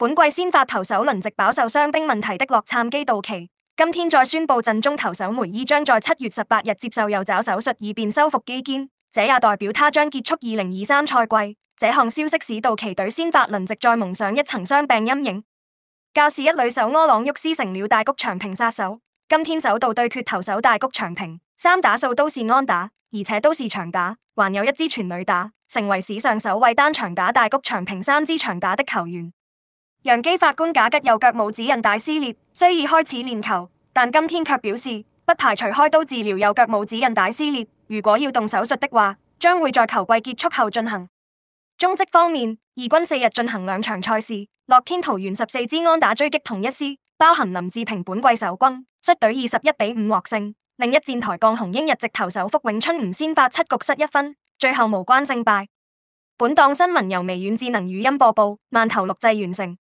本季先發投手輪值飽受傷兵問題的洛杉磯道奇，今天再宣布陣中投手梅伊將在七月十八日接受右爪手術以便修復肌腱，這也代表他將結束二零二三賽季。這項消息使道奇隊先發輪值再蒙上一層傷病陰影。教士一壘手柯朗沃斯成了大谷長平殺手，今天首度對決投手大谷長平，三打數都是安打，而且都是長打，還有一支全壘打，成為史上首位單場打大谷長平三支長打的球員。楊基法官假吉右腳拇指韌帶撕裂，雖已開始練球，但今天卻表示不排除開刀治療右腳拇指韌帶撕裂。如果要動手術的話，將會在球季結束後進行。中職方面，二軍四日進行兩場賽事，樂天桃園十四支安打追擊同一師，包含林志平本季首冠，率隊二十一比五獲勝。另一戰台降紅英日直投手福永春吳先發七局失一分，最後無關勝敗。本檔新聞由微軟智能語音播報，慢投錄製完成。